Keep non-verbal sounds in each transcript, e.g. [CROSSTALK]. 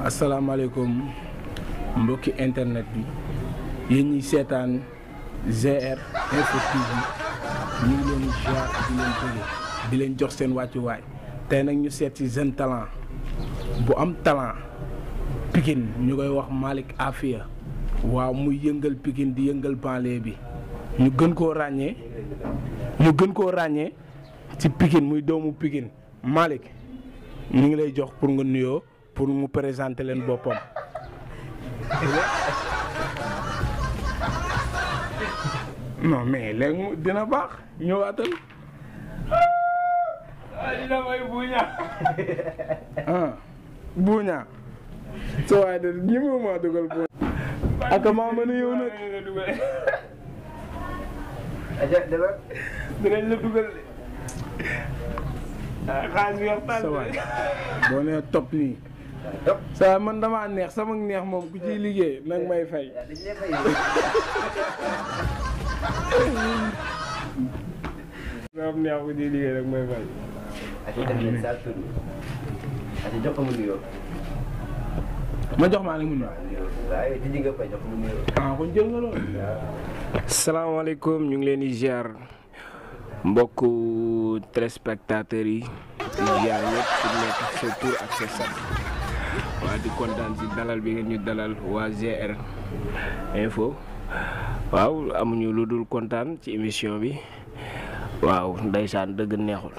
Assalamualaikum asalaamaaleykum mbokki internet bi yeen ñi sétane zr Info TV ñu leen jaar di leen tëge di leen jox seen way tey nak ñu seet jeune talent bu am talent Pikine ñu koy wax malik Afia wa mu yëngal Pikine di yëngal banlé bi ñu gën ko ràññee ñu gën ko ràññee ci Pikine muy doomu Pikine malik ñi ngi lay jox pour nga nuyoo pour mu présenter len boppam non mais léegi mu dina baax ñëwaatal ah, dina may buña ah buña so ay de ñi mo ma dugal buuña ak ma ma a yow nag dinañ la dugal de ah, xaalis bi waxtaan sa waay top nii sa man dama neex sama neex moom ku may fay ya, [LAUGHS] neex ku may fay ma jox ma ah kon jël nga ñu ngi leen di ziar mbokku téléspectateurs yi ziar yépp ci nekk sa tour ak waa di kontaan si dalal bi ngeen ñu dalal waa ZR info waaw amuñu lu dul kontaan ci émission bi waaw ndeysaan dëgg neexul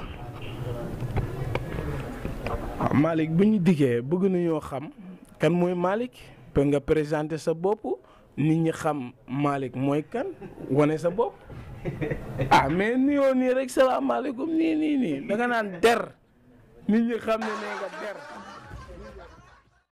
ah, malik bu ñu diggee bëgg nañoo xam kan moy malik pe nga présenter sa bop nit ñi xam malik moy kan wane sa bop ah mais yo ni rek alaykum ni ni ni da nga naan der nit ñi xam ne nga der